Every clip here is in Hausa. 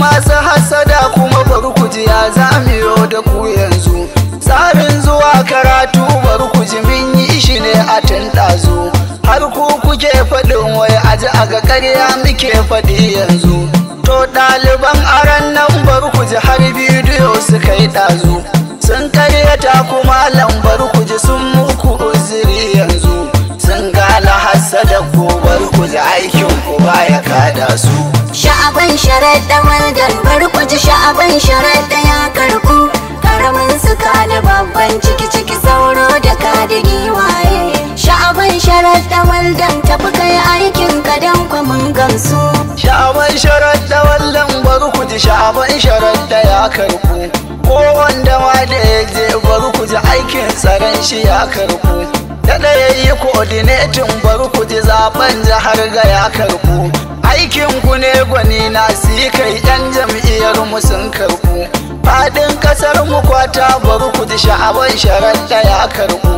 masu hasada kuma barkuji ya mu da ku yanzu sabin zuwa karatu barkuji min yi shi ne a ɗazu har ku kuke faɗin wai aji a ga ƙarya muke faɗi yanzu to ɗaliban aran nan barkuji har bidiyo suka yi ɗazu sun karyata kuma lambar kuji sun muku uziri yanzu sun gane hassada ku barkuji aikin ku baya kada su sha'aban sharaɗa abin sharar ya karku karamin suka da babban ciki ciki sauro da ka da giwaye sha'aban sharar da waldan tafi kai aikin ka dan kwamin gamsu sha'aban sharar da waldan bar ku ji sharar da ya karku ko wanda ma da ya je bar ku ji aikin tsaron shi ya karku da ɗaya yi coordinating zaɓen ku ji zaben jihar ga ya karku aikin ku ne gwani na si kai yan jam'iyyar mu sun karbu fadin kasar mu kwata bar ku ji sha'aban sharar ya karbu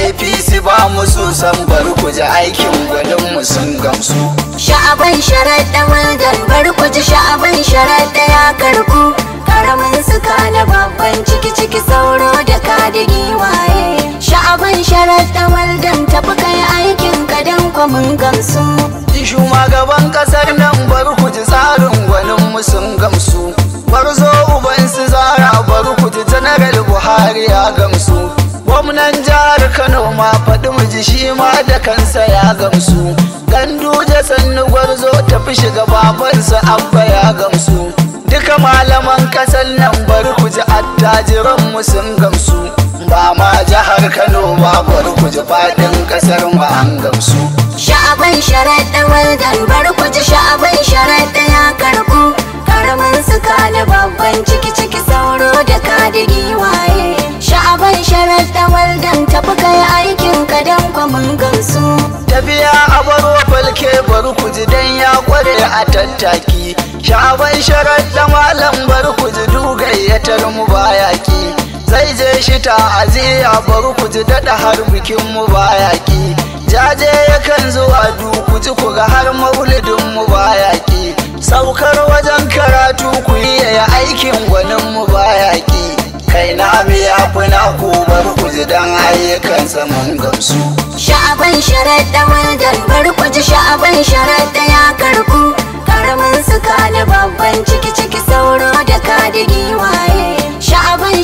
apc ba mu su san bar ku ji aikin gwanin mu sun gamsu sha'aban sharar da waldan bar sha'aban sharar ya karbu karamin suka na babban ciki ciki sauro da ka da giwaye sha'aban sharar da waldan tafi kai aikin ka dan gamsu musun gamsu bar zo uban su zara bar kuji janaral buhari ya gamsu gwamnan jihar kano ma faɗi ji shi ma da kansa ya gamsu ganduje sannu gwarzo tafi shiga babansa abba ya gamsu duka malaman kasar nan bar ji attajiran mu sun gamsu ba ma jihar kano ba bar ji faɗin kasar mu an gamsu sha'aban sharaɗa waldan bar ji sha'aban sharaɗa ya karɓu jarumin su kani babban ciki ciki sauro da da giwaye sha'aban sharar da waldan tafi kai aikin ka dan kwamin gamsu tafiya a baro falke bar ku dan ya kware a tattaki sha'aban sharar da malam bari ku ji dugayyatar mu ki zai je shi ta bari ku ji dada har bikin mu bayaki jaje yakan zuwa du ji ku ga har maulidin mu baya ki saukar wajen karatu ku iya aikin gwanin mu baya ki kai na biya kuna ku bar ku ji dan ayyukan saman gamsu sha'aban da wajen bar ku ji sha'aban da ya karku karamin suka da babban ciki ciki sauro da ka da giwaye sha'aban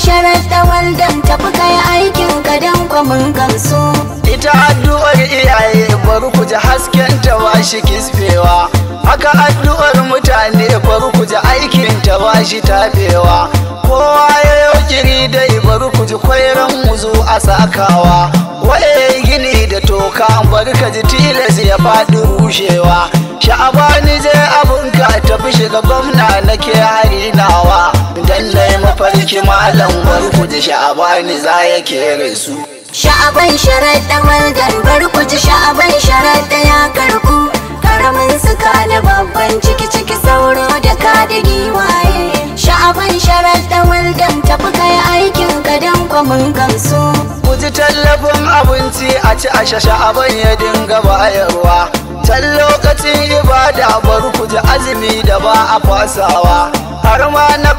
da waldan tafi kai aikin ka dan kwamin gamsu ita addu'ar iyaye bar ku ji hasken ta shi kisfewa haka addu'ar mutane barkuji aikin ta ba shi tafewa kowa ya yi dai barkuji kwairan muzu a sakawa waye gini da toka barkaji tilas ya faɗi rushewa sha'abani je abinka tafi shiga gwamna na nake harinawa dan dai mafarki malam barkuji sha'abani za ya kere su sha'aban sharaɗa waldan barkuji sha'aban sharaɗa ya karɓu karamin suka da babban ciki ciki sauro da ka da giwaye sha'aban sharar da waldan tafi kai aikin ka dan kwamin gamsu guji tallafin abinci a ci a sha'aban ya dinga bayarwa can lokacin ibada bar ku ji azumi da ba a fasawa har ma na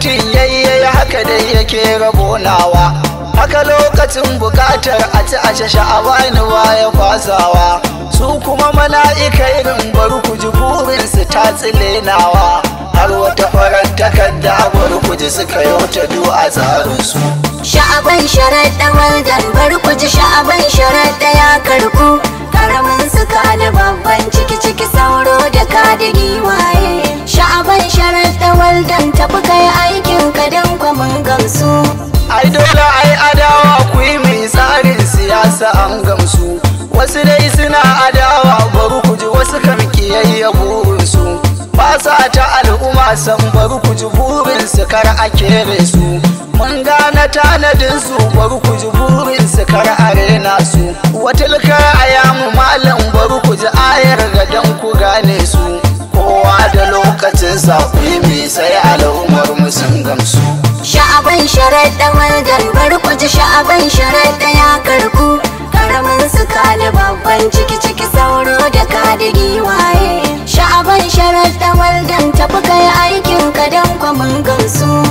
tin yayyayi haka dai yake rabonawa haka lokacin bukatar a ci a sha'abani baya kwasawa su kuma mala'ika irin bari ku ji burinsu ta tsilenawa har wata farar takarda bari ku ji suka yau ta du a su sha'aban sharaɗa waldan bari ku ji sha'aban ya karɓu karamin suka da babban ciki ciki sauro da ka da giwaye sha'aban sharaɗa waldan tafi kai an gamsu wasu dai suna adawa bari ku ji wasu kan kiyayya burinsu ba sa ta al'umma san bari ku ji burinsu kar a kere su mun gane tanadin su bari ku ji burin su kar rena su watilka ayamu malam bari ku ji ayar ga dan ku gane su kowa da lokacin sa mai sai al'ummar mu sun gamsu sha'aban sharaɗa waldan bari ku ji sha'aban sharaɗa ya karbu sani babban ciki ciki sauro da ka da giwaye sha'aban sharar da dan tafi kai aikin ka don kwamin gamsu